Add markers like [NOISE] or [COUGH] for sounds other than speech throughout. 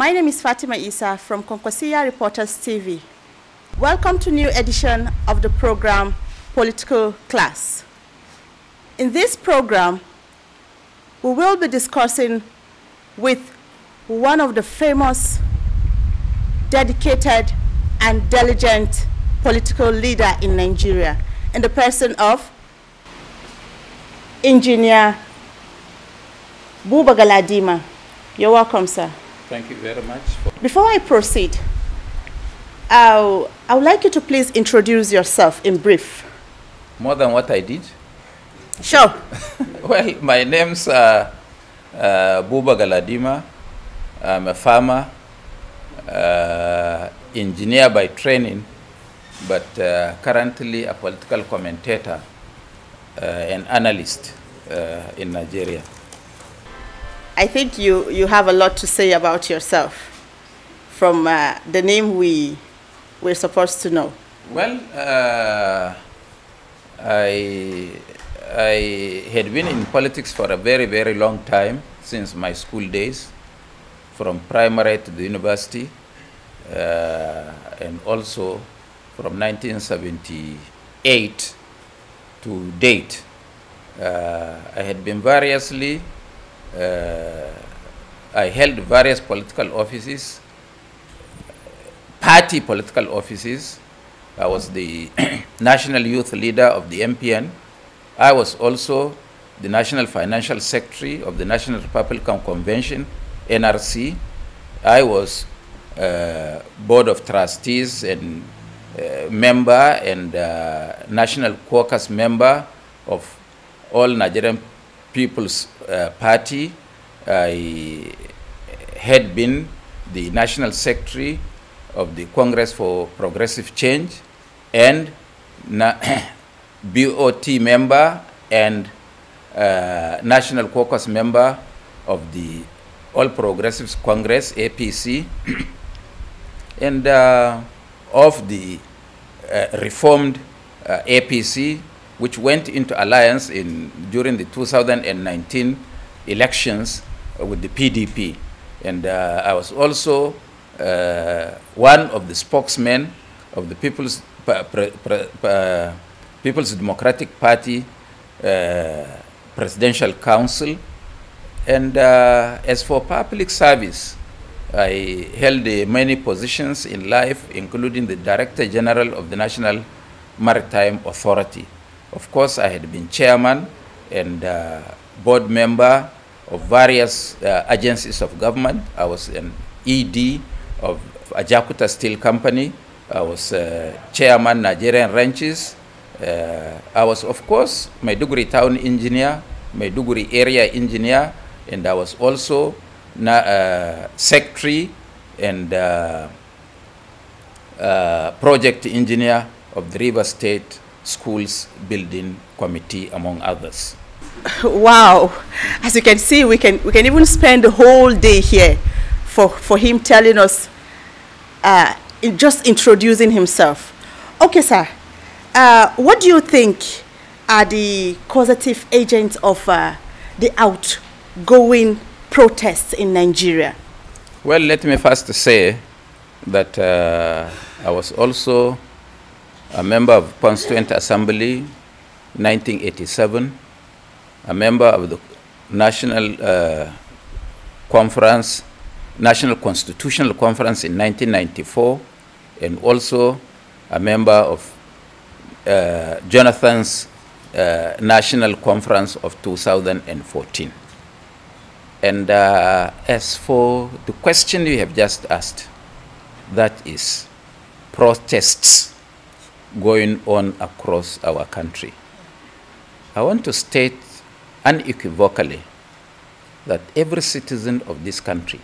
My name is Fatima Isa from Konkosia Reporters TV. Welcome to new edition of the program Political Class. In this program, we will be discussing with one of the famous, dedicated, and diligent political leader in Nigeria, in the person of Engineer Buba Galadima. You're welcome, sir. Thank you very much. Before I proceed, i would like you to please introduce yourself in brief. More than what I did? Sure. [LAUGHS] well, my name's uh, uh, Buba Galadima. I'm a farmer, uh, engineer by training, but uh, currently a political commentator, uh, and analyst uh, in Nigeria. I think you, you have a lot to say about yourself from uh, the name we we're supposed to know. Well, uh, I, I had been in politics for a very, very long time since my school days, from primary to the university, uh, and also from 1978 to date. Uh, I had been variously uh, I held various political offices, party political offices. I was the [CLEARS THROAT] national youth leader of the MPN. I was also the national financial secretary of the National Republican Convention, NRC. I was uh, board of trustees and uh, member and uh, national caucus member of all Nigerian People's uh, party, I had been the national secretary of the Congress for Progressive Change and [COUGHS] BOT member and uh, National Caucus member of the All Progressives Congress, APC, [COUGHS] and uh, of the reformed APC which went into alliance in, during the 2019 elections with the PDP. And uh, I was also uh, one of the spokesmen of the People's, pa pa uh, People's Democratic Party uh, Presidential Council. And uh, as for public service, I held many positions in life, including the Director General of the National Maritime Authority. Of course, I had been chairman and uh, board member of various uh, agencies of government. I was an ED of Ajakuta Steel Company. I was uh, chairman Nigerian Ranches. Uh, I was, of course, Maiduguri town engineer, Maiduguri area engineer, and I was also uh, secretary and uh, project engineer of the River State schools building committee, among others. Wow. As you can see, we can, we can even spend the whole day here for, for him telling us, uh, in just introducing himself. Okay, sir. Uh, what do you think are the causative agents of uh, the outgoing protests in Nigeria? Well, let me first say that uh, I was also a member of Constituent Assembly 1987, a member of the National uh, Conference, National Constitutional Conference in 1994, and also a member of uh, Jonathan's uh, National Conference of 2014. And uh, as for the question you have just asked, that is protests going on across our country. I want to state unequivocally that every citizen of this country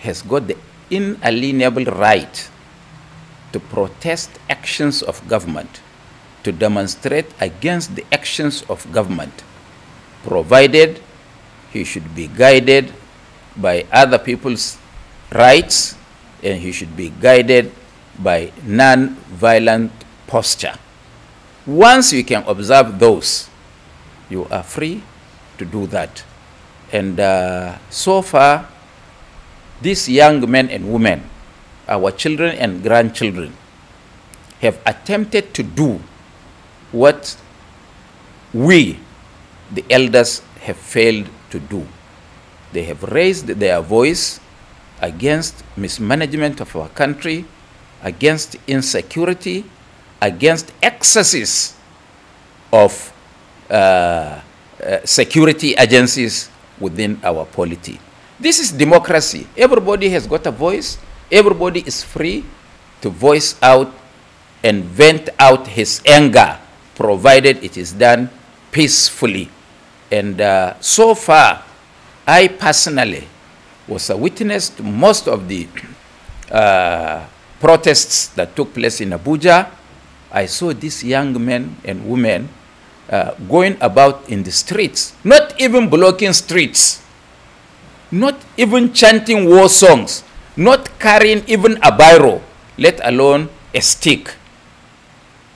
has got the inalienable right to protest actions of government, to demonstrate against the actions of government, provided he should be guided by other people's rights and he should be guided by non-violent posture. Once you can observe those, you are free to do that. And uh, so far, these young men and women, our children and grandchildren, have attempted to do what we, the elders, have failed to do. They have raised their voice against mismanagement of our country, against insecurity, against excesses of uh, uh, security agencies within our polity. This is democracy. Everybody has got a voice. Everybody is free to voice out and vent out his anger, provided it is done peacefully. And uh, so far, I personally was a witness to most of the [CLEARS THROAT] uh, protests that took place in Abuja, I saw these young men and women uh, going about in the streets, not even blocking streets, not even chanting war songs, not carrying even a biro, let alone a stick,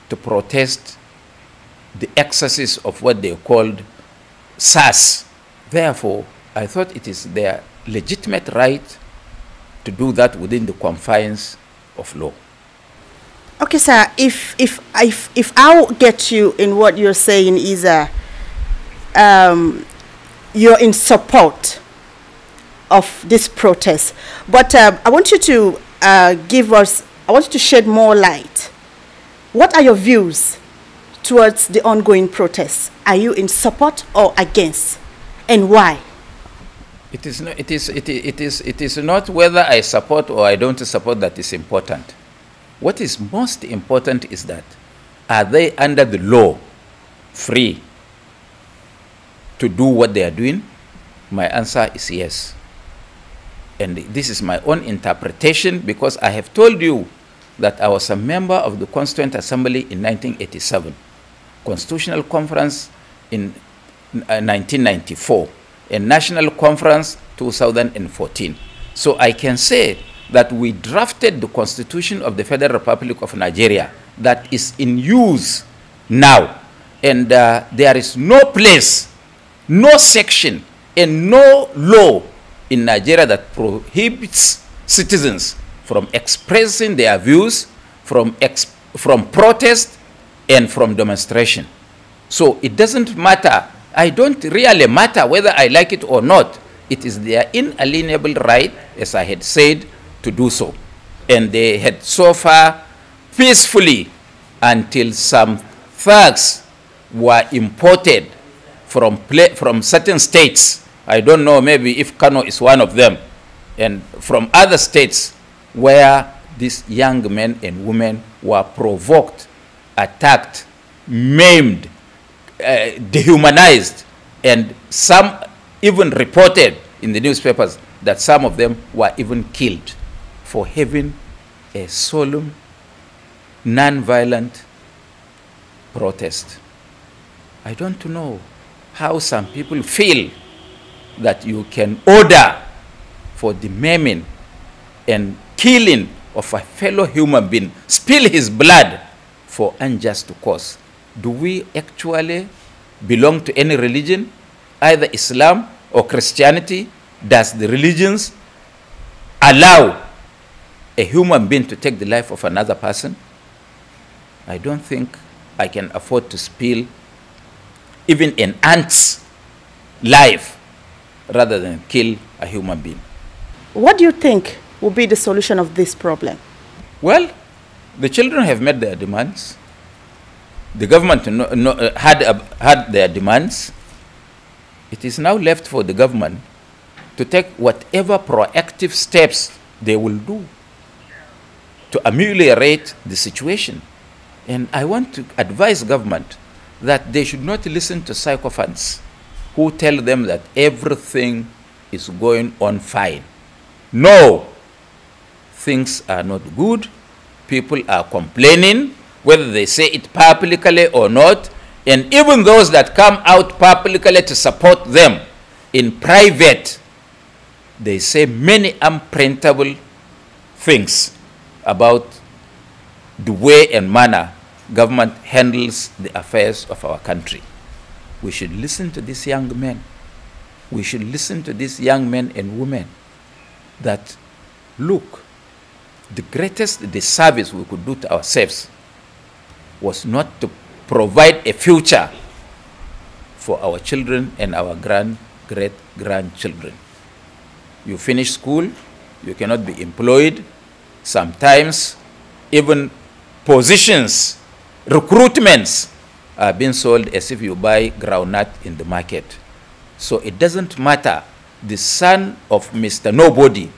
to protest the excesses of what they called SARS. Therefore, I thought it is their legitimate right to do that within the confines of law. Okay, sir. If if if if I get you in what you're saying is a, uh, um, you're in support of this protest, but uh, I want you to uh, give us. I want you to shed more light. What are your views towards the ongoing protests? Are you in support or against, and why? It is, not, it, is, it, it, is, it is not whether I support or I don't support that is important. What is most important is that are they under the law free to do what they are doing? My answer is yes. And this is my own interpretation because I have told you that I was a member of the Constituent Assembly in 1987, Constitutional Conference in 1994. Uh, a national conference 2014. So I can say that we drafted the Constitution of the Federal Republic of Nigeria that is in use now. And uh, there is no place, no section, and no law in Nigeria that prohibits citizens from expressing their views, from, from protest, and from demonstration. So it doesn't matter I don't really matter whether I like it or not. It is their inalienable right, as I had said, to do so. And they had so far peacefully until some thugs were imported from, from certain states. I don't know, maybe if Kano is one of them, and from other states where these young men and women were provoked, attacked, maimed, uh, dehumanized, and some even reported in the newspapers that some of them were even killed for having a solemn, non-violent protest. I don't know how some people feel that you can order for the maiming and killing of a fellow human being, spill his blood for unjust cause do we actually belong to any religion, either Islam or Christianity? Does the religions allow a human being to take the life of another person? I don't think I can afford to spill even an ant's life rather than kill a human being. What do you think will be the solution of this problem? Well, the children have made their demands the government no, no, uh, had, uh, had their demands. It is now left for the government to take whatever proactive steps they will do to ameliorate the situation. And I want to advise government that they should not listen to sycophants who tell them that everything is going on fine. No, things are not good. People are complaining whether they say it publicly or not, and even those that come out publicly to support them in private, they say many unprintable things about the way and manner government handles the affairs of our country. We should listen to these young men. We should listen to these young men and women that look, the greatest disservice we could do to ourselves was not to provide a future for our children and our grand great grandchildren. You finish school, you cannot be employed. Sometimes even positions, recruitments are being sold as if you buy groundnut in the market. So it doesn't matter. The son of Mr. Nobody,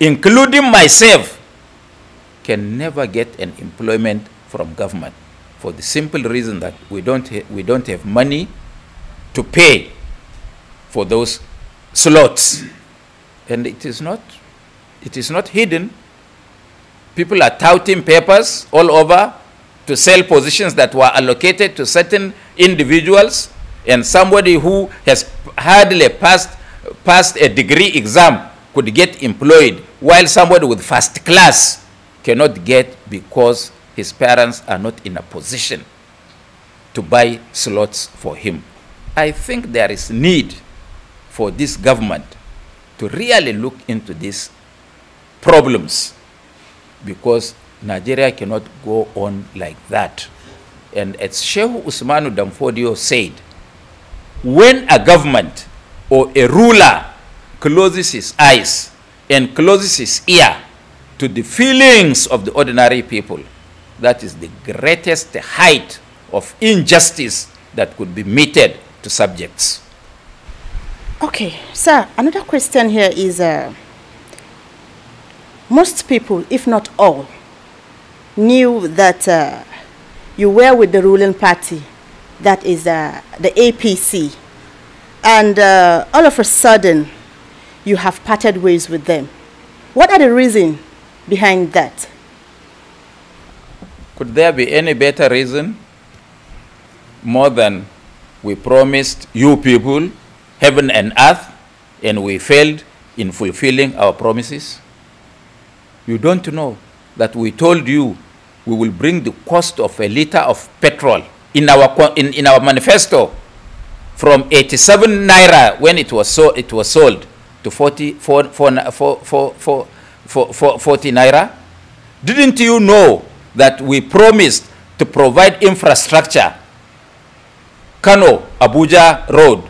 including myself, can never get an employment from government for the simple reason that we don't we don't have money to pay for those slots and it is not it is not hidden people are touting papers all over to sell positions that were allocated to certain individuals and somebody who has hardly passed passed a degree exam could get employed while somebody with first class cannot get because his parents are not in a position to buy slots for him. I think there is need for this government to really look into these problems because Nigeria cannot go on like that. And as Sheikh Usmanu Damfodio said, when a government or a ruler closes his eyes and closes his ear to the feelings of the ordinary people, that is the greatest height of injustice that could be meted to subjects. Okay, sir, another question here is uh, most people, if not all, knew that uh, you were with the ruling party, that is uh, the APC, and uh, all of a sudden you have parted ways with them. What are the reasons behind that? Could there be any better reason more than we promised you people heaven and earth and we failed in fulfilling our promises? You don't know that we told you we will bring the cost of a liter of petrol in our, in, in our manifesto from 87 naira when it was, so, it was sold to 40, 40 naira. Didn't you know that we promised to provide infrastructure, Kano Abuja Road,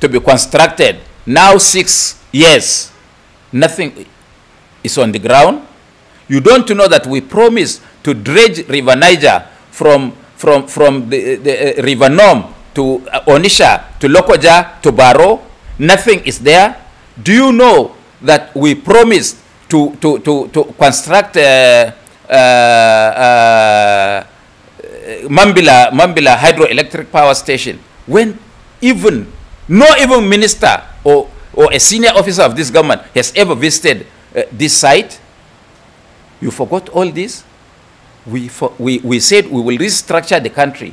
to be constructed. Now six years, nothing is on the ground. You don't know that we promised to dredge River Niger from, from, from the, the uh, River Nome to uh, Onisha, to Lokoja, to Baro. Nothing is there. Do you know that we promised to, to, to, to construct uh, uh, uh, Mambila, Mambila hydroelectric power station, when even no even minister or, or a senior officer of this government has ever visited uh, this site, you forgot all this? We, for, we, we said we will restructure the country.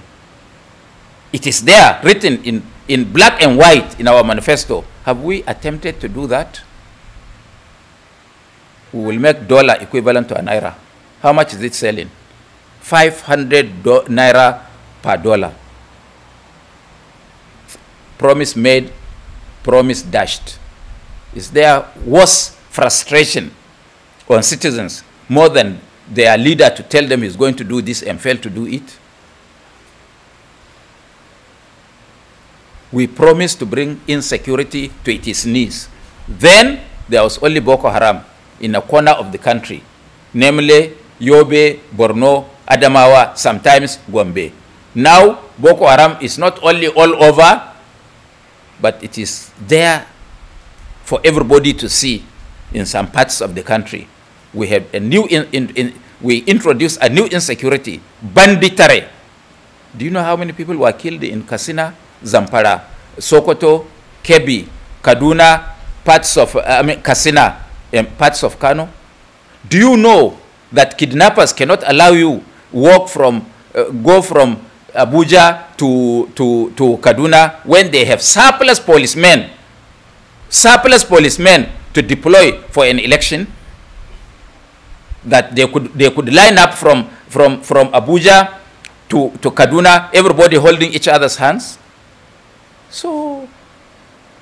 It is there, written in, in black and white in our manifesto. Have we attempted to do that? We will make dollar equivalent to an naira. How much is it selling? 500 do- naira per dollar. Promise made, promise dashed. Is there worse frustration on citizens more than their leader to tell them he's going to do this and fail to do it? We promised to bring insecurity to its knees. Then there was only Boko Haram in a corner of the country, namely Yobe, Borno, Adamawa, sometimes Gombe. Now, Boko Haram is not only all over, but it is there for everybody to see in some parts of the country. We have a new, in, in, in, we introduce a new insecurity, banditare. Do you know how many people were killed in Kasina, Zampara, Sokoto, Kebi, Kaduna, parts of, uh, I mean, Kasina, and um, parts of Kano? Do you know that kidnappers cannot allow you walk from uh, go from Abuja to, to, to Kaduna when they have surplus policemen, surplus policemen to deploy for an election? That they could, they could line up from, from, from Abuja to, to Kaduna, everybody holding each other's hands? So,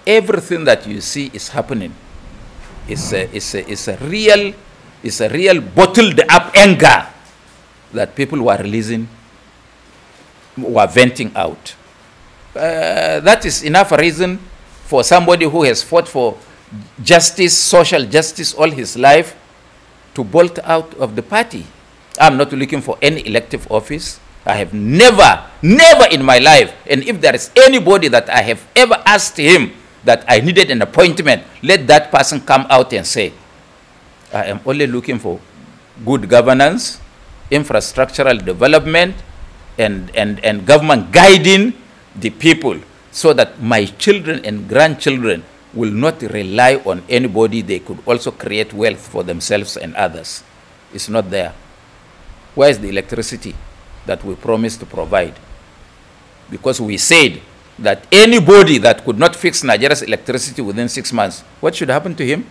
everything that you see is happening is a, is a, is a real it's a real bottled up anger that people were releasing, were venting out. Uh, that is enough reason for somebody who has fought for justice, social justice all his life to bolt out of the party. I'm not looking for any elective office. I have never, never in my life, and if there is anybody that I have ever asked him that I needed an appointment, let that person come out and say, I am only looking for good governance, infrastructural development, and, and, and government guiding the people so that my children and grandchildren will not rely on anybody. They could also create wealth for themselves and others. It's not there. Where is the electricity that we promised to provide? Because we said that anybody that could not fix Nigeria's electricity within six months, what should happen to him?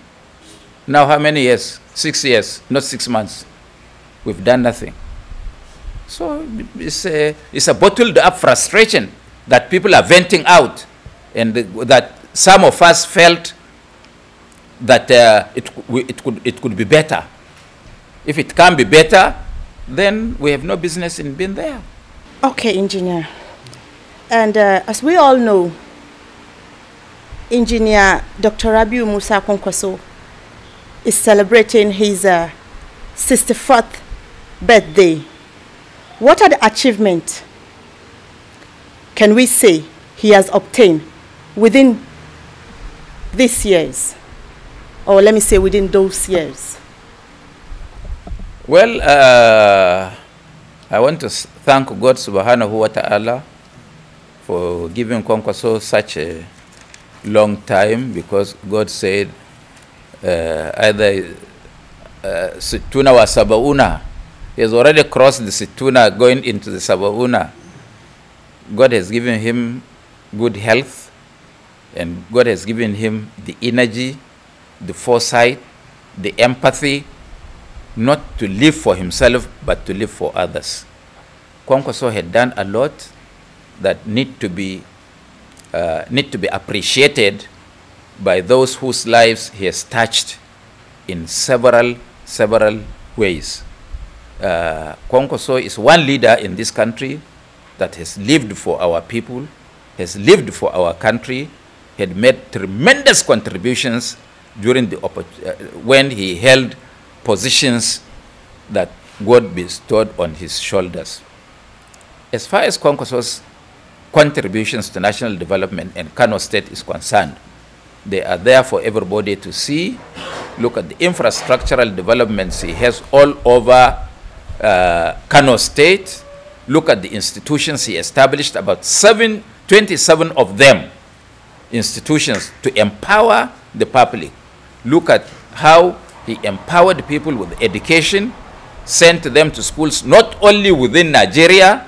Now, how many years? Six years, not six months. We've done nothing. So it's a, it's a bottled up frustration that people are venting out, and that some of us felt that uh, it, it, could, it could be better. If it can be better, then we have no business in being there. Okay, engineer. And uh, as we all know, engineer Dr. Rabiu Musa Konkwaso is celebrating his uh, 64th birthday. What are the achievements can we say he has obtained within these years? Or let me say within those years? Well, uh, I want to thank God subhanahu wa ta'ala for giving Kwankwaso such a long time because God said uh, either uh, Situna or Sabauna. He has already crossed the Situna going into the Sabauna. God has given him good health and God has given him the energy, the foresight, the empathy, not to live for himself but to live for others. Kwankwaso had done a lot that need to be uh, need to be appreciated by those whose lives he has touched in several, several ways. Uh, is one leader in this country that has lived for our people, has lived for our country, had made tremendous contributions during the uh, when he held positions that God bestowed on his shoulders. As far as Kwankoso's contributions to national development and Kano State is concerned, they are there for everybody to see. Look at the infrastructural developments he has all over uh, Kano State. Look at the institutions he established, about seven, 27 of them, institutions to empower the public. Look at how he empowered people with education, sent them to schools not only within Nigeria,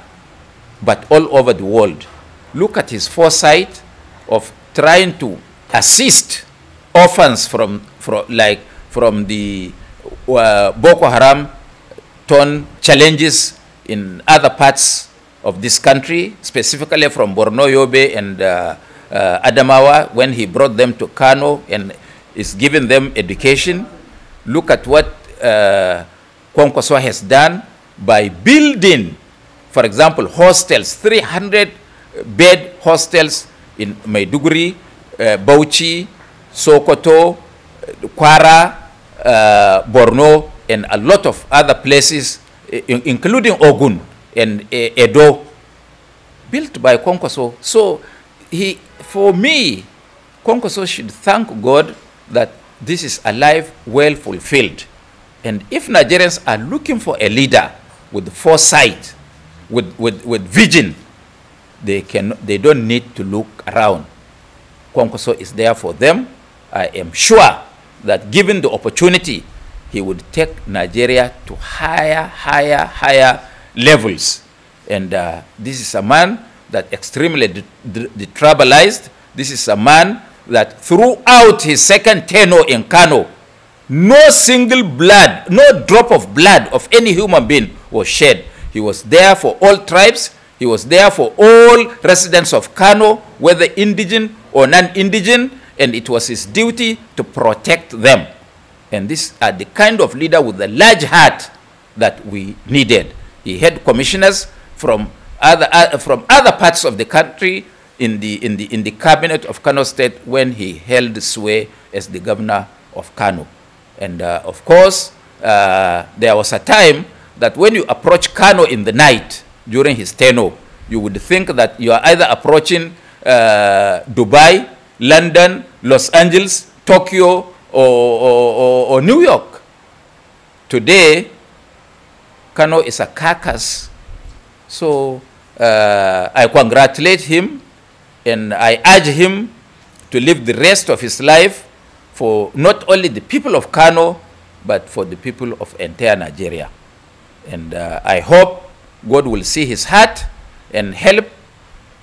but all over the world. Look at his foresight of trying to assist orphans from, from like from the uh, Boko Haram turn challenges in other parts of this country, specifically from Borno, Yobe, and uh, uh, Adamawa, when he brought them to Kano and is giving them education. Look at what uh, Kwankwaso has done by building, for example, hostels, 300 bed hostels in Maiduguri, Eh, Bauchi, Sokoto, Kwara, eh, Borno, and a lot of other places, eh, including Ogun and Edo, built by Konkoso. So he, for me, Konkoso should thank God that this is alive, well fulfilled. And if Nigerians are looking for a leader with foresight, with, with, with vision, they, can, they don't need to look around. Kwankoso is there for them. I am sure that given the opportunity, he would take Nigeria to higher, higher, higher levels. And uh, this is a man that extremely detribalized. This is a man that throughout his second tenure in Kano, no single blood, no drop of blood of any human being was shed. He was there for all tribes. He was there for all residents of Kano whether indigent or non-indigent, and it was his duty to protect them. And these are the kind of leader with a large heart that we needed. He had commissioners from other, uh, from other parts of the country in the, in, the, in the cabinet of Kano State when he held sway as the governor of Kano. And uh, of course, uh, there was a time that when you approach Kano in the night during his tenure, you would think that you are either approaching uh, Dubai, London, Los Angeles, Tokyo, or, or, or, or New York. Today, Kano is a carcass. So uh, I congratulate him and I urge him to live the rest of his life for not only the people of Kano, but for the people of entire Nigeria. And uh, I hope God will see his heart and help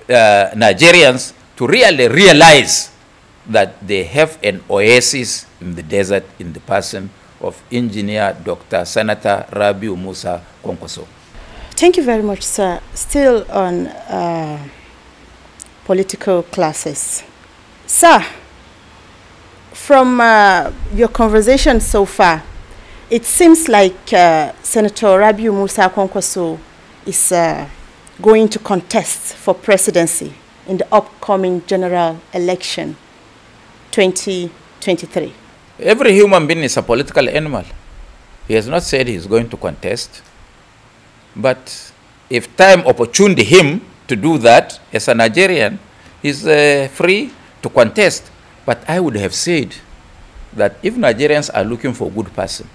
uh, Nigerians to really realize that they have an oasis in the desert in the person of engineer Dr. Senator Rabiu Musa Konkoso. Thank you very much, sir. Still on uh, political classes. Sir, from uh, your conversation so far, it seems like uh, Senator Rabiu Musa Konkoso is uh, going to contest for presidency in the upcoming general election 2023? Every human being is a political animal. He has not said he is going to contest, but if time opportuned him to do that as a Nigerian, he's uh, free to contest. But I would have said that if Nigerians are looking for a good person,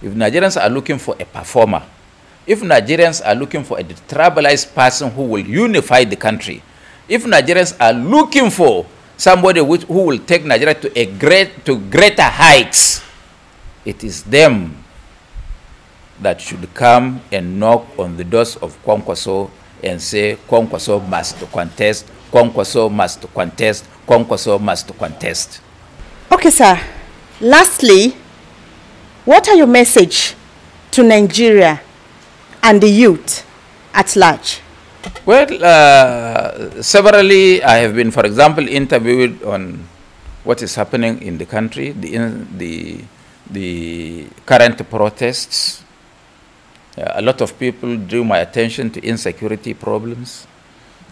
if Nigerians are looking for a performer, if Nigerians are looking for a tribalized person who will unify the country, if Nigerians are looking for somebody which, who will take Nigeria to, a great, to greater heights, it is them that should come and knock on the doors of Kwankwaso and say, Kwankwaso must contest, Kwankwaso must contest, Kwankwaso must contest. Okay, sir. Lastly, what are your message to Nigeria and the youth at large? Well, uh, severally I have been, for example, interviewed on what is happening in the country, the, the, the current protests. Uh, a lot of people drew my attention to insecurity problems.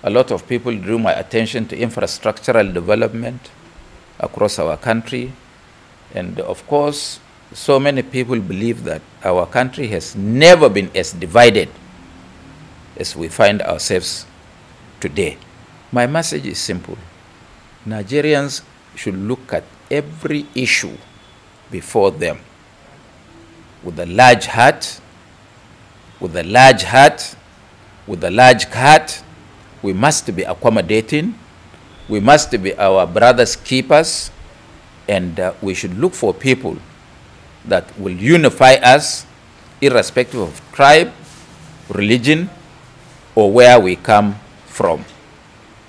A lot of people drew my attention to infrastructural development across our country. And of course, so many people believe that our country has never been as divided as we find ourselves today. My message is simple. Nigerians should look at every issue before them with a large heart, with a large heart, with a large heart. We must be accommodating. We must be our brother's keepers. And uh, we should look for people that will unify us, irrespective of tribe, religion, or where we come from.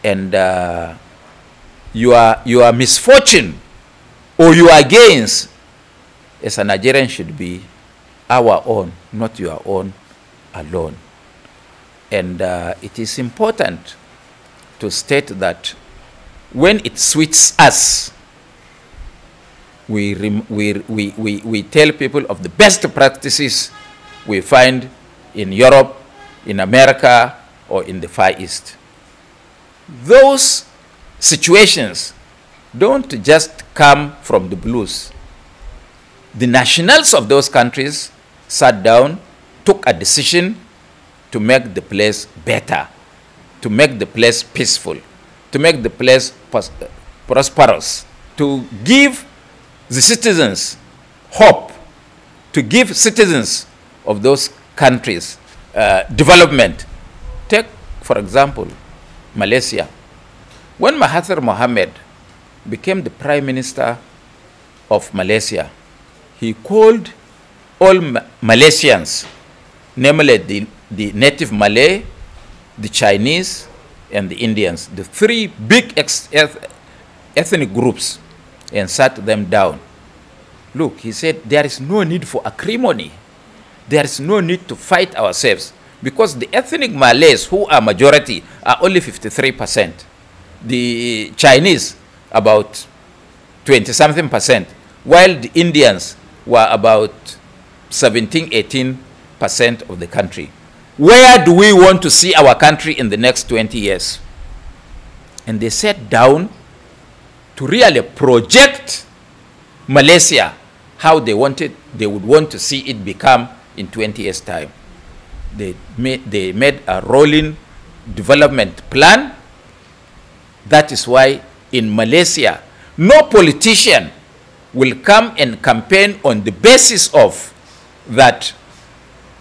And uh, your, your misfortune or your gains as a Nigerian should be our own, not your own alone. And uh, it is important to state that when it suits us, we, we, we, we, we tell people of the best practices we find in Europe, in America, or in the Far East. Those situations don't just come from the blues. The nationals of those countries sat down, took a decision to make the place better, to make the place peaceful, to make the place prosperous, to give the citizens hope to give citizens of those countries uh, development. Take, for example, Malaysia. When Mahathir Mohamad became the Prime Minister of Malaysia, he called all Ma Malaysians, namely the, the native Malay, the Chinese, and the Indians, the three big ethnic groups and sat them down. Look, he said, there is no need for acrimony. There is no need to fight ourselves because the ethnic Malays, who are majority, are only 53%. The Chinese, about 20 something percent, while the Indians were about 17, 18 percent of the country. Where do we want to see our country in the next 20 years? And they sat down to really project Malaysia how they wanted they would want to see it become in 20 years time they made, they made a rolling development plan that is why in Malaysia no politician will come and campaign on the basis of that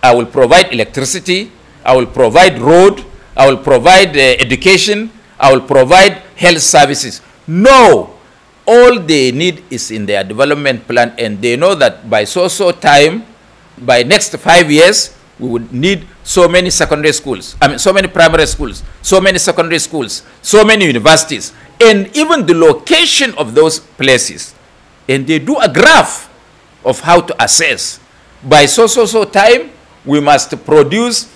I will provide electricity I will provide road I will provide uh, education I will provide health services no. All they need is in their development plan and they know that by so-so time, by next five years, we would need so many secondary schools, I mean, so many primary schools, so many secondary schools, so many universities, and even the location of those places. And they do a graph of how to assess. By so, so, so time, we must produce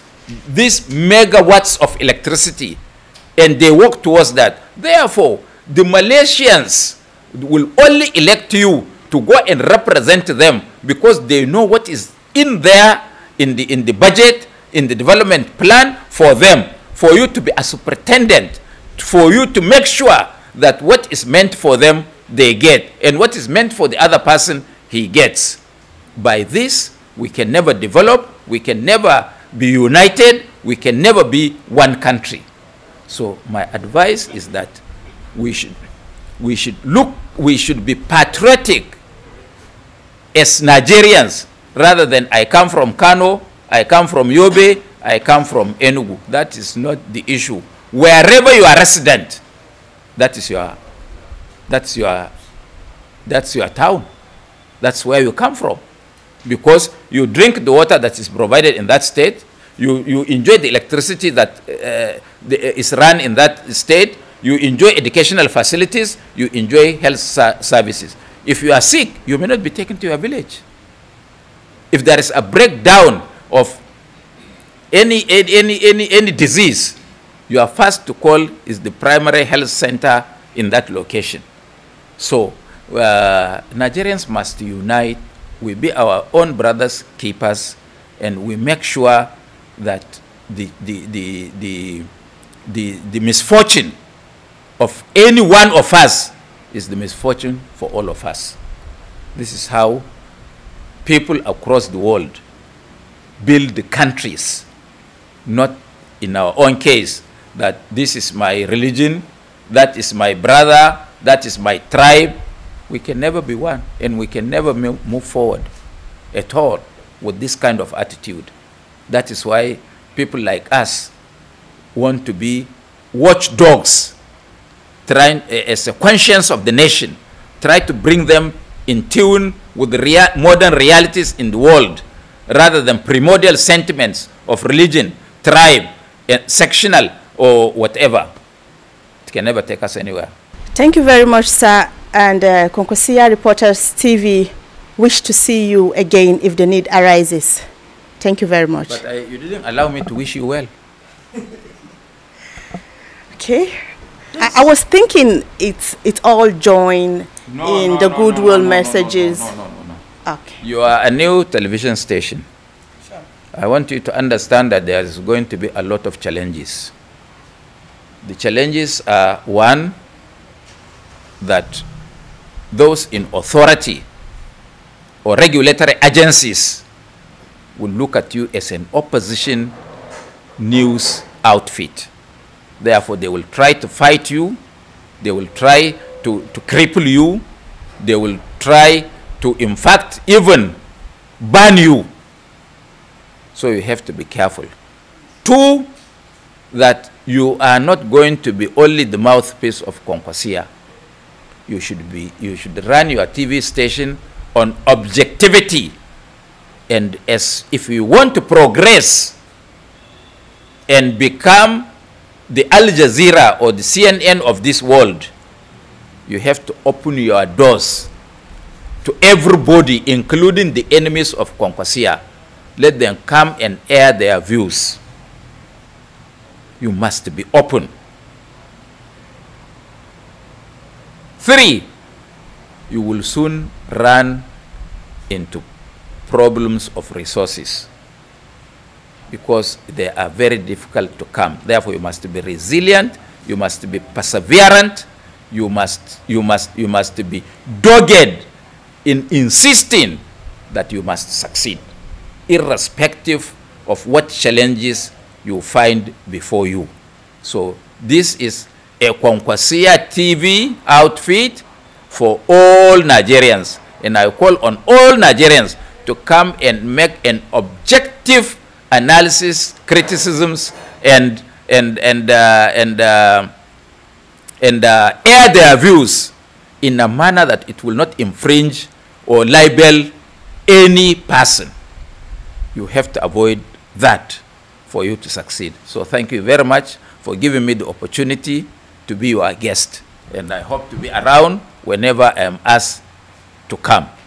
these megawatts of electricity. And they work towards that. Therefore, the Malaysians will only elect you to go and represent them because they know what is in there in the in the budget in the development plan for them for you to be a superintendent for you to make sure that what is meant for them they get and what is meant for the other person he gets by this we can never develop we can never be united we can never be one country so my advice is that we should, we should look, we should be patriotic as Nigerians rather than I come from Kano, I come from Yobe, I come from Enugu. That is not the issue. Wherever you are resident, that is your, that's your, that's your town. That's where you come from. Because you drink the water that is provided in that state, you, you enjoy the electricity that uh, the, is run in that state, you enjoy educational facilities, you enjoy health services. If you are sick, you may not be taken to your village. If there is a breakdown of any, any, any, any disease, your first to call is the primary health center in that location. So uh, Nigerians must unite. We be our own brothers keepers, and we make sure that the the the the the, the misfortune of any one of us is the misfortune for all of us. This is how people across the world build the countries, not in our own case that this is my religion, that is my brother, that is my tribe. We can never be one and we can never move forward at all with this kind of attitude. That is why people like us want to be watchdogs trying, as a conscience of the nation, try to bring them in tune with rea modern realities in the world rather than primordial sentiments of religion, tribe, eh, sectional, or whatever. It can never take us anywhere. Thank you very much, sir. And uh, Konkosia Reporters TV wish to see you again if the need arises. Thank you very much. But uh, you didn't allow me to wish you well. okay. I, I, was thinking it's it all join no, in no, the no, goodwill messages. No, no, no, Okay. You are a new television station. Sure. I want you to understand that there is going to be a lot of challenges. The challenges are one that those in authority or regulatory agencies will look at you as an opposition news outfit. Therefore, they will try to fight you, they will try to, to cripple you, they will try to, in fact, even ban you. So you have to be careful. Two, that you are not going to be only the mouthpiece of Concosia. You should be you should run your TV station on objectivity. And as if you want to progress and become the Al Jazeera or the CNN of this world, you have to open your doors to everybody, including the enemies of Kwankwasiya. Let them come and air their views. You must be open. Three, you will soon run into problems of resources because they are very difficult to come. Therefore, you must be resilient, you must be perseverant, you must, you must, you must be dogged in insisting that you must succeed, irrespective of what challenges you find before you. So this is a Kwankwasia TV outfit for all Nigerians. And I call on all Nigerians to come and make an objective analysis, criticisms, and and and uh, and uh, and uh, air their views in a manner that it will not infringe or libel any person. You have to avoid that for you to succeed. So thank you very much for giving me the opportunity to be your guest. And I hope to be around whenever I am asked to come.